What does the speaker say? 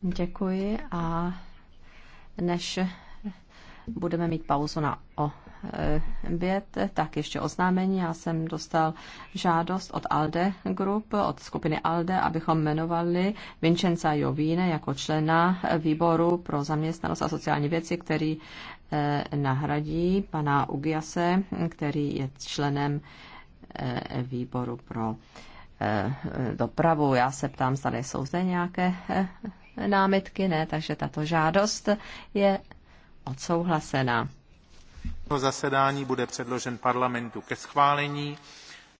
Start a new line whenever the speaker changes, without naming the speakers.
Děkuji a než budeme mít pauzu na oběd, tak ještě oznámení. Já jsem dostal žádost od ALDE Group, od skupiny ALDE, abychom jmenovali Vincenza Jovíne jako člena výboru pro zaměstnanost a sociální věci, který eh, nahradí pana Ugiase, který je členem eh, výboru pro Eh, dopravu. Já se ptám, zda jsou zde nějaké eh, námitky, ne, takže tato žádost je odsouhlasena.
To zasedání bude předložen parlamentu ke schválení.